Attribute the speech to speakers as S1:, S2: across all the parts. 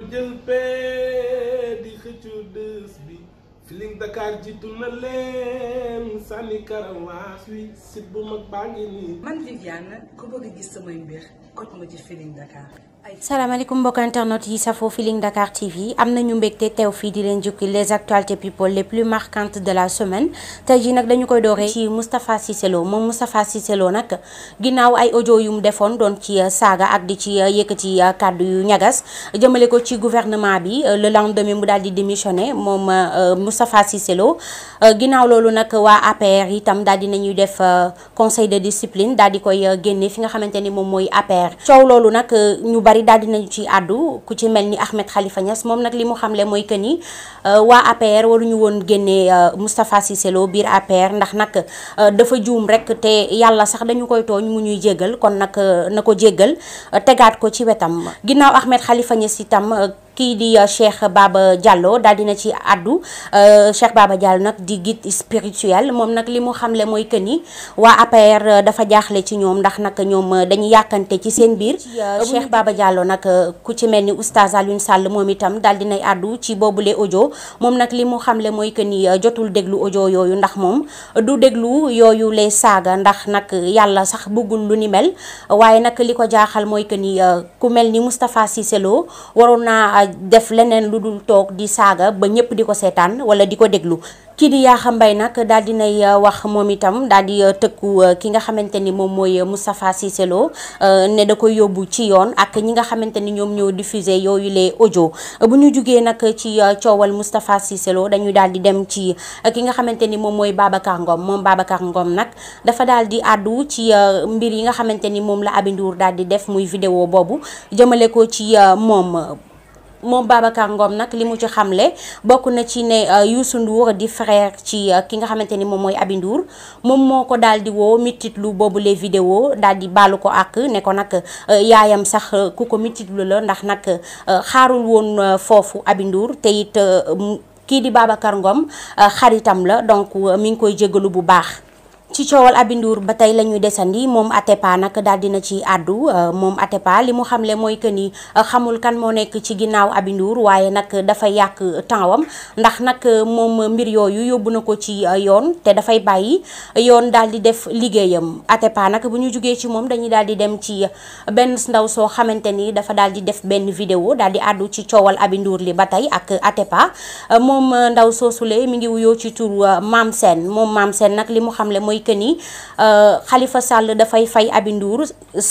S1: ku jël pee di xëccu dës bi Feeling Dakar jiitu na leen sànni karawaas wi sit bu mag baa nii man Viviane ku bëgg gis samay mbir kot ma ci Feeling Dakar salaamaaleykum mbokk internet yi safoo Feeling Dakar TV am nañu mbégte teew fii di leen jukki les actualités people les plus marquantes de la semaine tey jii nag dañu koy dooree ci Moustapha Cissé Lo moom Moustapha Cissé Lo nag ginnaaw ay audio yu mu defoon doon ci euh, saaga ak di ci euh, yëkkati euh, kàddu yu ñagas jëmale ko ci gouvernement bi le lendemain mu daal di démissionné moom Moustapha Cissé Lo ginnaaw loolu nag waa APR tam daal di nañuy def conseil de discipline daal di koy génne fi nga xamante ni moom mooy APR coow loolu nag ñu bari bari daal dinañu ci àddu ku ci mel ni Ahmed Khalifa Niass moom nag li mu xamle mooy que ni euh, waa APR waruñu woon génnee euh, Moustapha Cissé Lo biir APR ndax nag euh, dafa juum rek te yàlla sax dañu koy tooñ mu ñuy jéggal kon nag na ko jéggal tegaat ko ci wetam ginnaaw Ahmed Khalifa Niass itam. kii di euh, Cheikh Baba Diallo daal dina ci àddu euh, Cheikh baaba Diallo nag di guide spirituel moom nag li mu xamle mooy que nii waa APR euh, dafa jaaxle ci ñoom ndax nag ñoom dañuy yàkkante ci seen biir. Cheikh Baba jàlloo nag ku ci mel ni oustaz Alioune Sall moom itam daal dinay àddu ci boobule audio moom nag li mu xamle mooy que ni jotul déglu audio yooyu ndax moom du déglu yooyu les saaga ndax nag yàlla sax bëggul lu ni mel waaye nag li ko jaaxal mooy que ni ku mel ni Moustapha waroon naa def leneen lu dul toog di saaga ba ñëpp di ko seetaan wala di ko déglu kii di Yaxa Mbaye nag daal di nay uh, wax moom itam daal di uh, tëkku uh, ki nga xamante ni moom mooy Moustapha Cissé Lo ne da ko yóbbu ci yoon ak ñi nga xamante ni ñoom ñoo diffusé yooyu les audio bu ñu jugee nag ci coowal Moustapha Cissé Lo dañu daal di dem ci ki nga xamante ni moom mooy Babacar Ngom moom Babacar ngoom nag dafa daal di àddu ci mbir yi nga xamante ni moom la Abi Ndour daal di def muy vidéo boobu jëmale ko ci moom moom Babacar Ngom nag li mu ci xamle bokk na ci ne euh, Youssou Ndour di frère ci euh, ki nga xamante ni moom mooy Aby Ndour moom moo ko daal di woo mititlu boobu les vidéos daal di baalu ko ak ne ko nag euh, yaayam sax ku ko mititlu la ndax nag xaarul woon foofu Aby Ndour te it kii di Babacar Ngom xaritam la donc mi ngi koy jégalu bu baax ci coowal abinduur ba tey la ñuy desandi moom Atepa nag daal dina ci àddu euh, moom Atepa li mu xamle mooy que ni euh, xamul kan moo nekk ci ginnaaw Aby waaye nag dafa yàq tempsam ndax nag euh, moom mbir yooyu yóbbu na ko ci yoon te dafay bàyyi yoon daal di def liggéeyam Atepa bu ñu jugee ci moom dañuy daal di dem ci benn ndaw soo xamante nii dafa daal di def benn vidéo daal di àddu ci coowal abinduur li ba tey ak Atepa moom ndaw soosule mi ngi wuyoo ci tur Maam Sène moom Maam Sène nag li mu xamle mooy que ni xalifa euh, Sall dafay fay Aby Ndour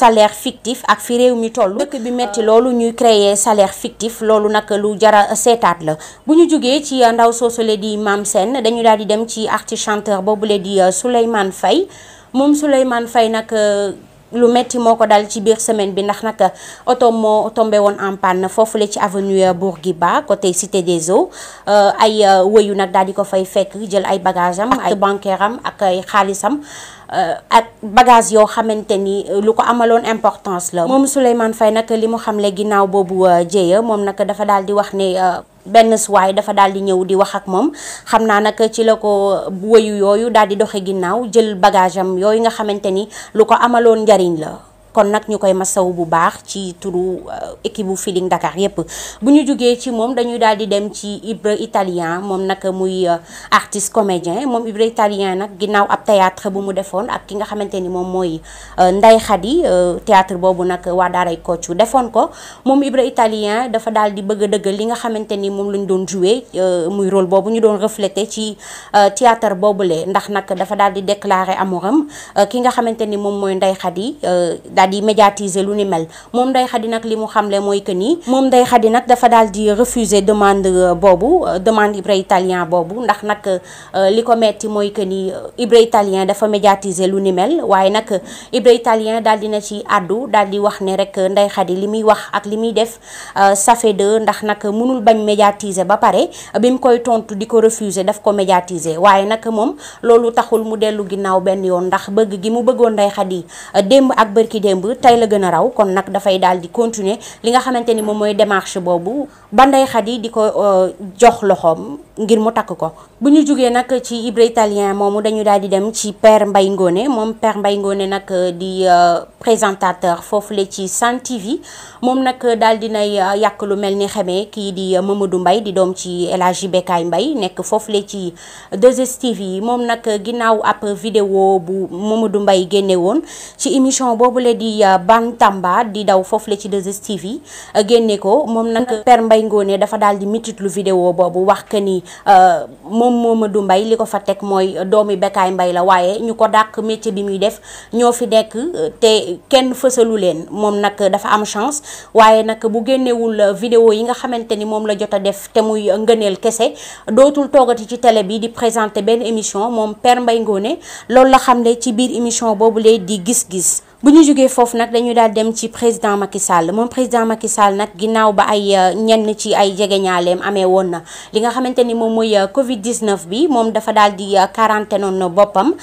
S1: salaire fictif ak fi réew mi toll. dëkk bi metti loolu ñuy créer salaire fictif loolu nag lu jara seetaat la bu ñu jugee ci ndaw soosule di maam seen dañu daal di dem ci artiste chanteur boobule di euh, Souleymane Faye moom Souleymane Faye nag. Euh, lu metti moo ko dal ci biir semaine bi ndax nag oto moo tombé woon na foofu foofule ci avenue Bourguiba côté cité des eaux euh, ay euh, wéyu nag dal di ko fay fekk jël ay bagages ay bancaire ak ay xaalisam euh, ak bagage yoo xamante ni lu ko amaloon importance la moom Souleymane fay nag li mu xamle ginnaaw boobu jéeya moom nag dafa daal di wax ne benn suwaay dafa daal di ñëw di wax ak moom xam naa nag ci la ko wëyu yooyu daal di doxe ginnaaw jël bagage am yooyu nga xamante ni lu ko amaloon njariñ la kon nag ñu koy masaw bu baax ci turu euh, équipe bu Feeling Dakar yépp bu ñu jugee ci moom dañuy daal di dem ci Ibra italien moom nag muy euh, artiste comédien moom Ibra italien nag ginnaaw ab théâtre bu mu defoon ak nga xamante ni moom mooy euh, Ndeye Khady théâtre boobu nag waa daaray Kocc defoon ko moom Ibra italien dafa daal di bëgg dëggal li nga xamante ni moom lañ doon joué muy rôle boobu ñu doon reflété ci théâtre boobule ndax nag dafa daal di déclarer amouram ki nga xamante ni moom mooy Ndeye Khady daal di médiatiser lu ni mel moom Ndeye Khady nag li mu xamle mooy que ni moom Ndeye Khady nag dafa daal di refuser demande euh, boobu euh, demande Ibra Italien boobu ndax nag euh, li ko metti mooy que ni Ibra Italien dafa médiatiser lu ni mel waaye nag Ibra Italien daal di na ci àddu daal di wax ne rek Ndeye Khady li muy wax ak li muy def ça fait ndax nag mënul bañ médiatiser ba pare bi mu koy tontu di ko refuser daf ko médiatiser waaye nag moom loolu taxul mu dellu ginnaaw benn yoon ndax bëgg démb tey la gën a raw kon nag dafay daal di continuer li nga xamante ni moom mooy démarche boobu ba Ndeye Khady di ko euh, jox loxoom ngir mu takk ko bu ñu jugee nag ci Ibra Italien moomu dañu daal di dem ci Père Mbaye Ngone moom Père Mbaye Ngone nag euh, di euh, présentateur foofu le ci Sen TV moom nag daal di nay yàq lu mel ni xamee kii di du mbay di doom ci El Hadji mbay nekk foofu le ci 2STV moom nag ginnaaw ab vidéo bu Mamadou Mbaye génne woon ci émission boobu le di di uh, Bantamba di daw foofu la ci 2STV yi uh, génne ko moom nag Père Mbaye Ngoné dafa daal di mitit lu vidéo boobu wax que ni uh, moom du mbay li ko fa teg mooy doomi Bécaye mbay la waaye ñu ko dàq métier bi muy def ñoo fi nekk te kenn fësalu leen moom nag dafa am chance waaye nag bu génnewul vidéo yi nga xamante ni moom la jot a def te muy ngëneel kese dootul toogati ci télé bi di présenter benn émission moom Père Mbaye Ngoné la xam ne ci biir émission bu ñu jógee foofu nag dañu daal dem ci président Macky Sall moom président Macky Sall nag ginnaaw ba ay euh, ñenn ci ay jegeñaaleem amee woon na li nga xamante ni moom mooy euh, Covid 19 bi moom dafa daal di euh, noon noonu boppam.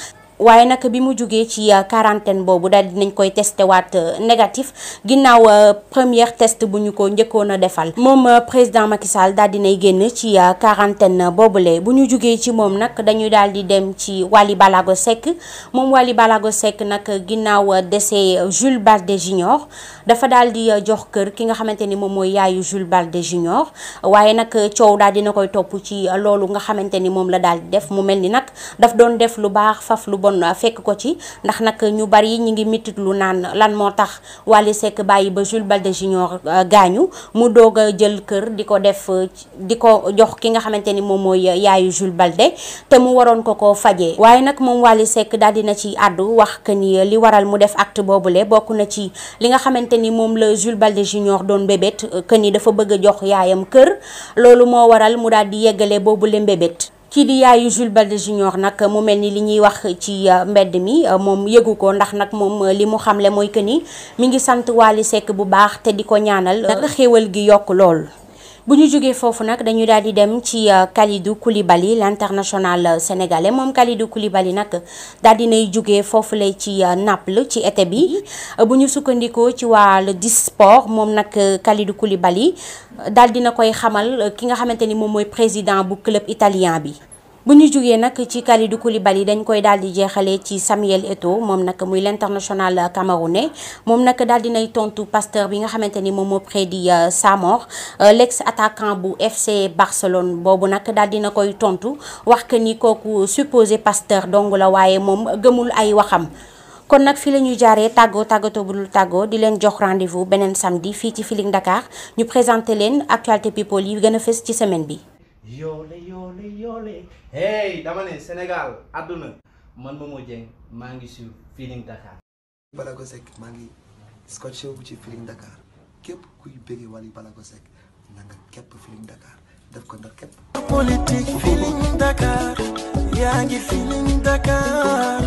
S1: waaye nag bi mu jógee ci euh, quarantaine boobu daal dinañ koy testé waat euh, négatif ginnaaw euh, première test bu ñu ko njëkkoon a defal moom président Macky Sall daal dinay génn ci quarantaine boobule bu ñu jógee ci moom nag dañuy daal di dem ci Wally Balago Seck moom Wally Balago Seck nag ginnaaw décès Jules Balde Junior dafa daal di jox kër ki nga xamante ni moom mooy yaayu Jules Balde Junior waaye nag coow dal dina koy topp ci loolu nga xamante ni moom la daal di def mu mel ni nag yoon fekk ko ci ndax nag ñu bari ñi ngi mitit naan lan moo tax Wally Seck bàyyi ba Jules Balde Junior euh, gaañu mu dog a jël kër di ko def di ko jox ki nga xamante ni moom mooy yaayu Jules Balde te mu waroon ko ko fajee waaye nag moom Wally Seck daal dina ci àddu wax que ni li waral mu def acte boobule bokk na ci li nga xamante ni moom la Jules Balde Junior doon bébét que ni dafa bëgg a jox yaayam kër loolu moo waral mu daal di yeggale boobule mbébét kii di yaayu Jules Balde Junior nag mu mel ni li ñuy wax ci euh, mbedd mi euh, moom yëgu ko ndax nag moom euh, li mu xamle mooy que ni mi ngi sant Wally Seck bu baax te di ko ñaanal xéwal gi yokk lool. bu ñu jógee foofu nag dañuy daal di dem ci euh, Kalidou Koulibaly l'international euh, sénégalais moom Kalidou Koulibaly nag daal di nay jógee foofu lay ci euh, Naples ci été bi mm-hmm. bu ñu sukkandikoo ci waa le Disport moom nag Kalidou Koulibaly daal na koy xamal ki nga xamante ni moom mooy président bu club italien bi bu ñu jugee nag ci Kalidou yi dañ koy daal di jeexalee ci Samuel Eto'o moom nag muy l'international camerounais moom nag daal dinay tontu Pasteur bi nga xamante ni moom moo près di euh, Samor euh, l'ex attaquant bu FC Barcelone boobu nag daal na koy tontu wax que ni kooku supposé Pasteur dong la waaye moom gëmul ay waxam kon nag fii la ñuy jaaree tàggoo tàggatoo bu dul tàggoo di leen jox rendez-vous beneen samedi fii ci Feeling Dakar ñu présenté leen actualité people yi gën a fës ci semaine bi. yoole yoole yoole hey dama ne Sénégal àdduna man Momo Dieng maa ngi sur Feeling Dakar Balago Seck maa ngi scotché bu ci Feeling Dakar képp kuy bëggee Wally Balago Seck na nga képp Feeling Dakar def ko ndax képp politique Feeling Dakar yaa ngi Feeling Dakar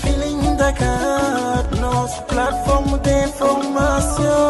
S1: Feeling Dakar nos plateforme d'information